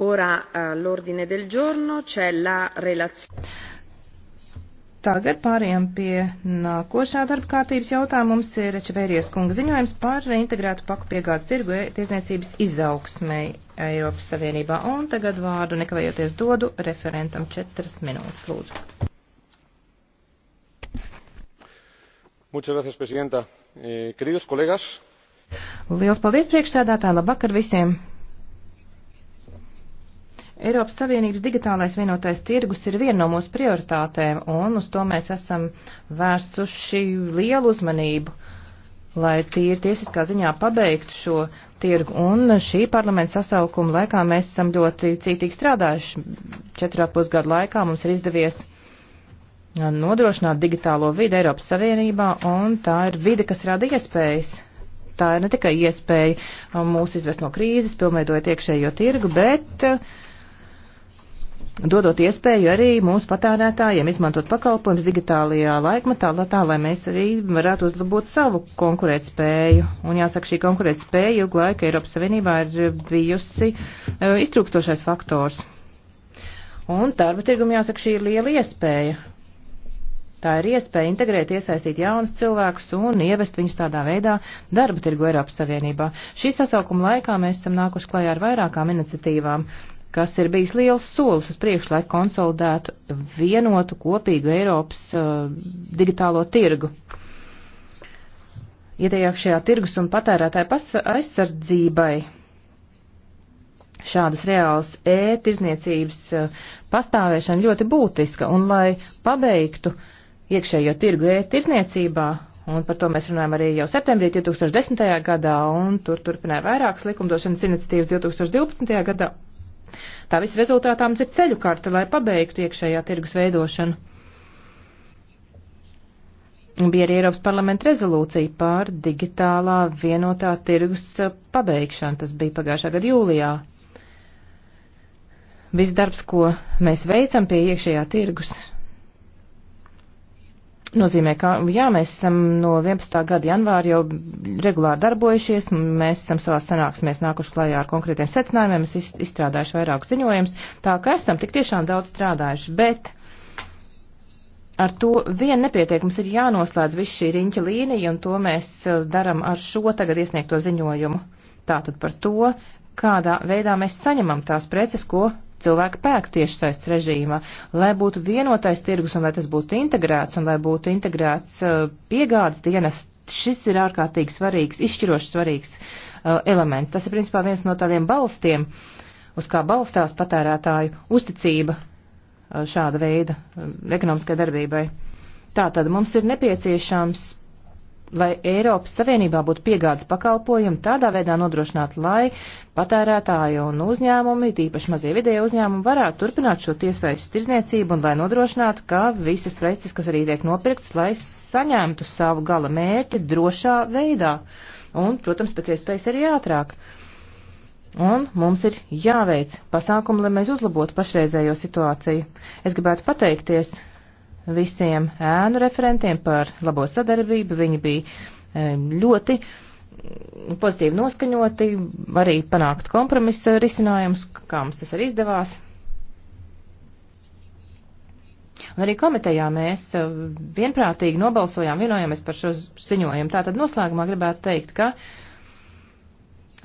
Ora all'ordine eh, del giorno c'è la relazione. Tagad pāriem pie nākošā darba kārtības jautājuma. Mums ir Čevērijas kunga ziņojums par reintegrētu paku piegādes tirgu e, tiesniecības izaugsmai Eiropas Savienībā. Un tagad vārdu nekavējoties dodu referentam četras minūtes, lūdzu. Muchas gracias, presidenta. Eh, queridos colegas. Liels paldies priekšsēdētāji, labvakar visiem! Eiropas Savienības digitālais vienotais tirgus ir viena no mūsu prioritātēm, un uz to mēs esam vērsuši lielu uzmanību, lai tīri tiesiskā ziņā pabeigtu šo tirgu. Un šī parlamenta sasaukuma laikā mēs esam ļoti cītīgi strādājuši. Četrā pusgada laikā mums ir izdevies uh, nodrošināt digitālo vidi Eiropas Savienībā, un tā ir vide, kas rada iespējas tā ir ne tikai iespēja uh, mūs izvest no krīzes, pilnveidojot iekšējo tirgu, bet uh, dodot iespēju arī mūsu patērētājiem izmantot pakalpojumus digitālajā laikmetā, tā lai mēs arī varētu uzlabot savu konkurētspēju. Un jāsaka, šī konkurētspēja ilgu laiku Eiropas Savienībā ir bijusi uh, iztrūkstošais faktors. Un darba tirgum jāsaka, šī ir liela iespēja. Tā ir iespēja integrēt, iesaistīt jaunus cilvēkus un ievest viņus tādā veidā darba tirgu Eiropas Savienībā. Šī sasaukuma laikā mēs esam nākuši klajā ar vairākām iniciatīvām, kas ir bijis liels solis uz priekšu, lai konsolidētu vienotu kopīgu Eiropas uh, digitālo tirgu. Ieteiekšējā tirgus un patērētāja aizsardzībai šādas reālas e-tirzniecības uh, pastāvēšana ļoti būtiska, un lai pabeigtu iekšējo tirgu e-tirzniecībā, un par to mēs runājam arī jau septembrī 2010. gadā, un tur turpināja vairākas likumdošanas iniciatīvas 2012. gadā Tā viss rezultātā mums ir ceļu karte, lai pabeigtu iekšējā tirgus veidošanu. Bija arī Eiropas parlamenta rezolūcija pār digitālā vienotā tirgus eh, pabeigšanu. Tas bija pagājušā gada jūlijā. Viss darbs, ko mēs veicam pie iekšējā tirgus, nozīmē, ka jā, mēs esam no 11. gada janvāra jau regulāri darbojušies, mēs esam savā sanāksmēs nākuši klajā ar konkrētiem secinājumiem, mēs izstrādājuši vairākus ziņojumus, tā ka esam tik tiešām daudz strādājuši, bet ar to vien nepietiek, mums ir jānoslēdz viss šī riņķa līnija, un to mēs e, daram ar šo tagad iesniegto ziņojumu. Tātad par to, kādā veidā mēs saņemam tās preces, ko cilvēki pērk tiešsaistes režīmā, lai būtu vienotais tirgus un lai tas būtu integrēts un lai būtu integrēts uh, piegādes dienas. Šis ir ārkārtīgi svarīgs, izšķiroši svarīgs uh, elements. Tas ir principā viens no tādiem balstiem, uz kā balstās patērētāju uzticība uh, šāda veida uh, ekonomiskai darbībai. Tātad mums ir nepieciešams lai Eiropas Savienībā būtu piegādes pakalpojumi, tādā veidā nodrošināt, lai patērētāji un uzņēmumi, tīpaši mazie vidēji uzņēmumi, varētu turpināt šo tiesaistu tirzniecību un lai nodrošinātu, ka visas preces, kas arī tiek nopirktas, lai saņemtu savu gala mērķi drošā veidā un, protams, pēc iespējas arī ātrāk. Un mums ir jāveic pasākumi, lai mēs uzlabotu pašreizējo situāciju. Es gribētu pateikties visiem ēnu referentiem par labo sadarbību. Viņi bija e, ļoti pozitīvi noskaņoti, arī panākt kompromisa risinājumus, kā mums tas arī izdevās. Un arī komitejā mēs e, vienprātīgi nobalsojām, vienojamies par šo ziņojumu. Tātad noslēgumā gribētu teikt, ka uh,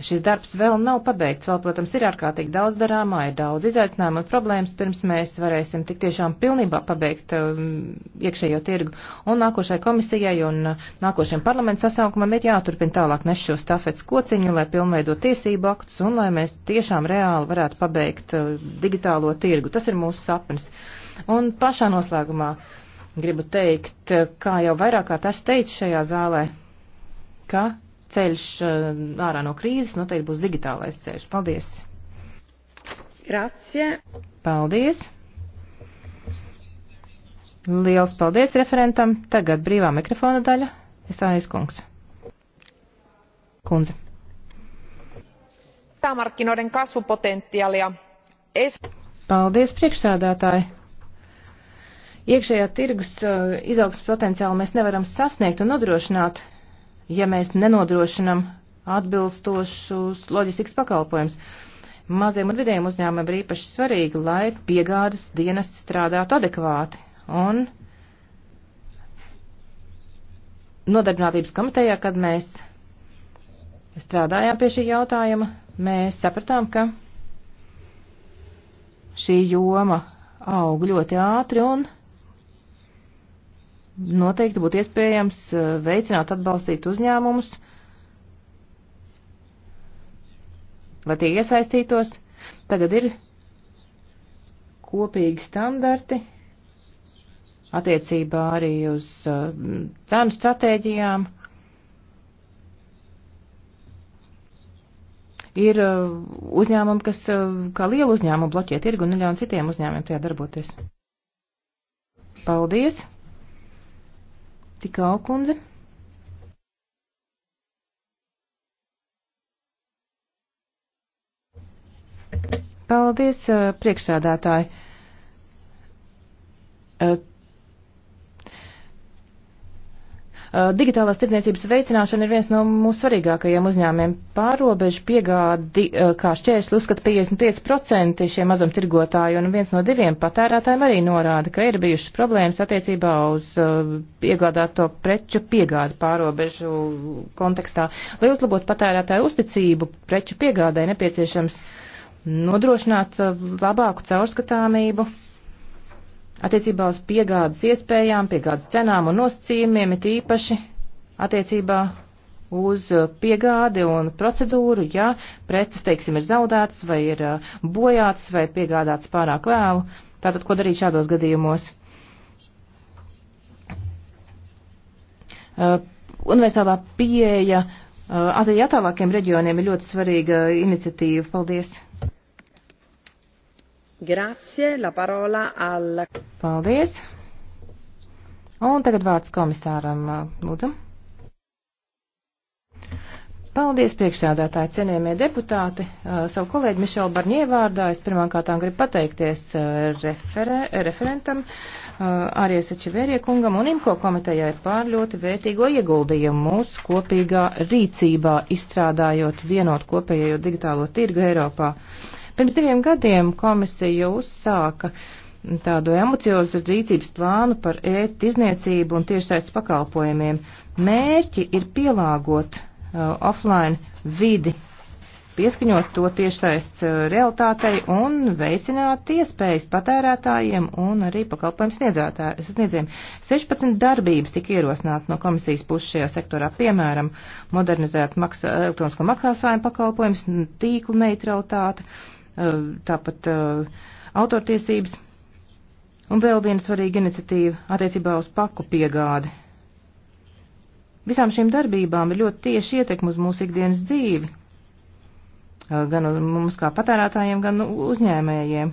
Šis darbs vēl nav pabeigts, vēl, protams, ir ārkārtīgi daudz darāmā, ir daudz izaicinājumu un problēmas, pirms mēs varēsim tik tiešām pilnībā pabeigt um, iekšējo tirgu. Un nākošai komisijai un uh, nākošajam parlamentu sasaukumam ir jāturpina tālāk nes šo stafets kociņu, lai pilnveido tiesību aktus un lai mēs tiešām reāli varētu pabeigt uh, digitālo tirgu. Tas ir mūsu sapnis. Un pašā noslēgumā gribu teikt, uh, kā jau vairāk kārt es teicu šajā zālē, ka ceļš eh, ārā no krīzes noteikti nu, būs digitālais ceļš. Paldies! Grazie! Paldies! Liels paldies referentam! Tagad brīvā mikrofona daļa. Es aizkungs. Kunze. Sisämarkkinoiden kasvupotentiaalia. Es... Paldies priekšsēdētāji! iekšējā tirgus eh, izaugsmas potenciālu mēs nevaram sasniegt un nodrošināt, ja mēs nenodrošinam atbilstošus loģistikas pakalpojumus. Maziem un vidējiem uzņēmumiem ir īpaši svarīgi, lai piegādes dienesti strādātu adekvāti. Un nodarbinātības komitejā, kad mēs strādājām pie šī jautājuma, mēs sapratām, ka šī joma aug ļoti ātri un noteikti būtu iespējams eh, veicināt, atbalstīt uzņēmumus, lai tie iesaistītos. Tagad ir kopīgi standarti attiecībā arī uz eh, cenu stratēģijām. Ir eh, uzņēmumi, kas kā liela uzņēmuma bloķē tirgu un neļauj citiem uzņēmumiem tajā darboties. Paldies! Tikau kundze. Paldies, eh, priekšsādātāji. Eh, Eh, digitālās tirdzniecības veicināšana ir viens no mūsu svarīgākajiem uzņēmiem. Pārobežu piegādi eh, kā šķērsli uzskata 55% šie mazumtirgotāji, un viens no diviem patērētājiem arī norāda, ka ir bijušas problēmas attiecībā uz piegādāto eh, preču piegādi pārobežu kontekstā. Lai uzlabotu patērētāju uzticību preču piegādai, nepieciešams nodrošināt labāku caurskatāmību attiecībā uz piegādes iespējām, piegādes cenām un nosacījumiem, it īpaši attiecībā uz uh, piegādi un procedūru, ja preces, teiksim, ir zaudētas vai ir uh, bojātas vai piegādātas pārāk vēlu. Tātad, ko darīt šādos gadījumos? Uh, universālā pieeja uh, arī attālākiem reģioniem ir ļoti svarīga iniciatīva. Paldies! Grazie, la parola al... Paldies. Un tagad vārds komisāram, lūdzu. Paldies, priekšsēdētāji, cienījamie deputāti. Eh, savu kolēģi Mišelu Barņie vārdā es pirmkārtām gribu pateikties eh, referē, referentam eh, Ariesa Čevērija kungam un Imko komitejai pār ļoti vērtīgo ieguldījumu mūsu kopīgā rīcībā, izstrādājot vienot kopējo digitālo tirgu Eiropā. Uh, Pirms diviem gadiem komisija uzsāka tādu emociozu rīcības plānu par ētizniecību un tiešsaistes pakalpojumiem. Mērķi ir pielāgot uh, offline vidi, pieskaņot to tiešsaistes uh, realitātei un veicināt iespējas patērētājiem un arī pakalpojumu sniedzējiem. 16 darbības tika ierosināta no komisijas puses šajā sektorā, piemēram, modernizēt maksa, elektronisko maksāsājumu pakalpojumus, tīklu neutralitāti. Uh, Eh, tāpat eh, autortiesības. Un vēl viena svarīga iniciatīva attiecībā uz paku piegādi. Visām šīm darbībām ir ļoti tieši ietekme uz mūsu ikdienas dzīvi, eh, gan mums kā patērētājiem, gan uzņēmējiem.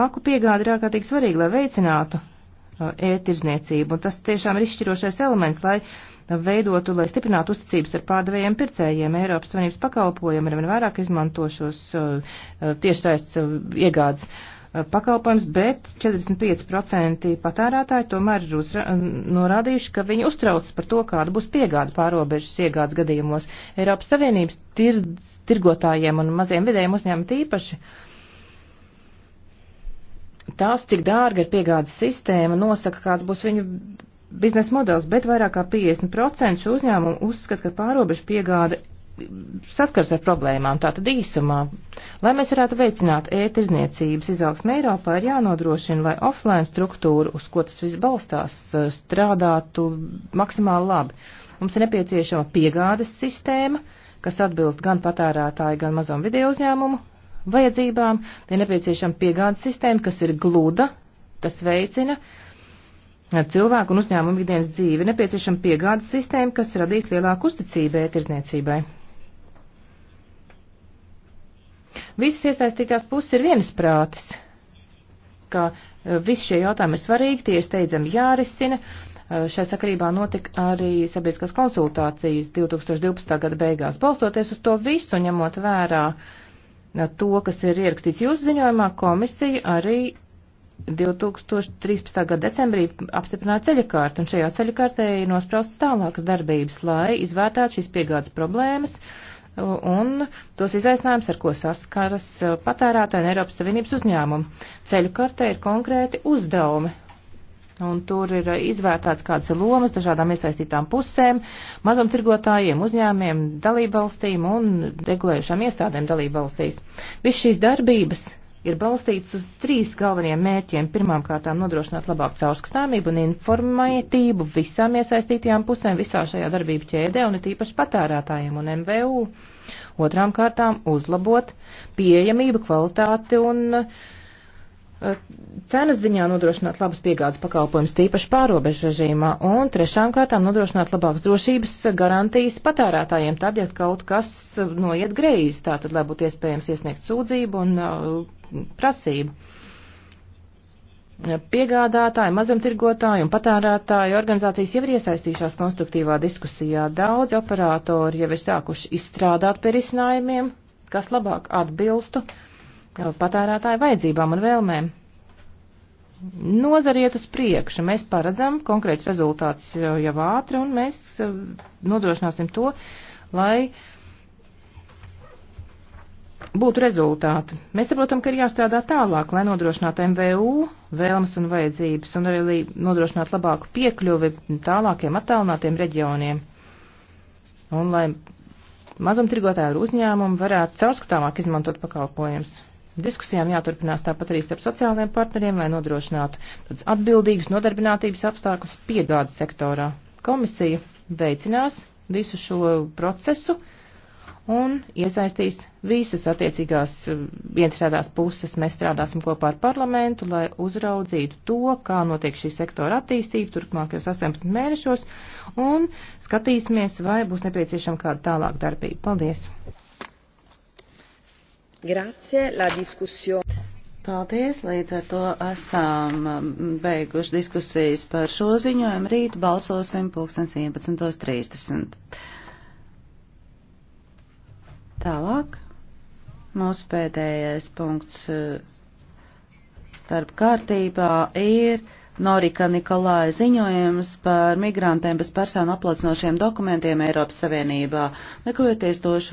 Paku piegāde ir ārkārtīgi svarīga, lai veicinātu e-tirzniecību, un tas tiešām ir izšķirošais elements, lai uh, veidotu, lai stiprinātu uzticības ar pārdevējiem pircējiem. Eiropas Savienības pakalpojumi ar vien vairāk izmanto šos uh, uh, tiešsaistes uh, iegādes pakalpojums, bet 45% patērētāji tomēr ir uzra, norādījuši, ka viņi uztraucas par to, kāda būs piegāda pārobežas iegādes gadījumos. Eiropas Savienības tir, tirgotājiem un maziem vidējiem uzņēmumiem tīpaši. Tās, cik dārga ir piegādes sistēma, nosaka, kāds būs viņu biznesa modelis, bet vairāk kā 50% šo uzņēmumu uzskata, ka pārobežu piegāde saskars ar problēmām, tātad īsumā. Lai mēs varētu veicināt ētirzniecības e izaugsmu Eiropā, ir jānodrošina, lai offline struktūra, uz ko tas viss balstās, eh, strādātu maksimāli labi. Mums ir nepieciešama piegādes sistēma, kas atbilst gan patērētāju, gan mazom video uzņēmumu vajadzībām. Te ir nepieciešama piegādes sistēma, kas ir gluda, tas veicina uh, cilvēku un uzņēmumu ikdienas dzīvi. Nepieciešama piegādes sistēma, kas radīs lielāku uzticību e-tirzniecībai. Visas iesaistītās puses ir vienas prātis, ka e, visi šie jautājumi ir svarīgi, tie ir steidzami jārisina. E, šai sakarībā notika arī sabiedriskās konsultācijas 2012. gada beigās. Balstoties uz to visu, ņemot vērā e, to, kas ir ierakstīts jūsu ziņojumā, komisija arī 2013. gada decembrī apstiprināta ceļakārta, un šajā ceļakārtē ir nospraustas tālākas darbības, lai izvērtātu šīs piegādes problēmas un tos izaicinājums, ar ko saskaras patērētāji un Eiropas Savienības uzņēmumi. Ceļu kartē ir konkrēti uzdevumi, un tur ir izvērtāts kādas lomas dažādām iesaistītām pusēm, mazumtirgotājiem, uzņēmiem, dalībvalstīm un regulējušām iestādēm dalībvalstīs. Viss šīs darbības ir balstīts uz trīs galvenajiem mērķiem. Pirmām kārtām nodrošināt labāku caurskatāmību un informētību visām iesaistītajām pusēm visā šajā darbību ķēdē un it īpaši patērētājiem un MVU. Otrām kārtām uzlabot pieejamību, kvalitāti un uh, cenas ziņā nodrošināt labus piegādes pakalpojumus tīpaši pārobežu režīmā un trešām kārtām nodrošināt labākas drošības garantijas patērētājiem tad, ja kaut kas noiet greizi, tātad, lai būtu iespējams iesniegt sūdzību un uh, prasību. Piegādātāji, mazumtirgotāji un patērētāji organizācijas jau ir iesaistījušās konstruktīvā diskusijā. Daudzi operatori jau ir sākuši izstrādāt pie risinājumiem, kas labāk atbilstu uh, patērētāju vajadzībām un vēlmēm. Nozari iet uz priekšu, mēs paredzam konkrēts rezultāts jau ātri un mēs eh, nodrošināsim to, lai būtu rezultāti. Mēs saprotam, ka ir jāstrādā tālāk, lai nodrošinātu MVU vēlmes un vajadzības un arī nodrošinātu labāku piekļuvi tālākiem attālinātiem reģioniem. Un lai mazumtirgotāju uzņēmumu varētu caurskatāmāk izmantot pakalpojumus. Diskusijām jāturpinās tāpat arī starp sociālajiem partneriem, lai nodrošinātu tādus atbildīgus nodarbinātības apstākļus piegādes sektorā. Komisija veicinās visu šo procesu un iesaistīs visas attiecīgās eh, iestrādās puses. Mēs strādāsim kopā ar parlamentu, lai uzraudzītu to, kā notiek šī sektora attīstība turpmākajos 18 mēnešos un skatīsimies, vai būs nepieciešama kāda tālāk darbība. Paldies! Grazie, la diskusija. Paldies, līdz ar to esam um, beiguši diskusijas par šo ziņojumu. Rīt balsosim 11.30. Tālāk mūsu pēdējais punkts starp uh, kārtībā ir Norika Nikolāja ziņojums par migrantiem bez personu aplacinošiem dokumentiem Eiropas Savienībā. Nekojoties došu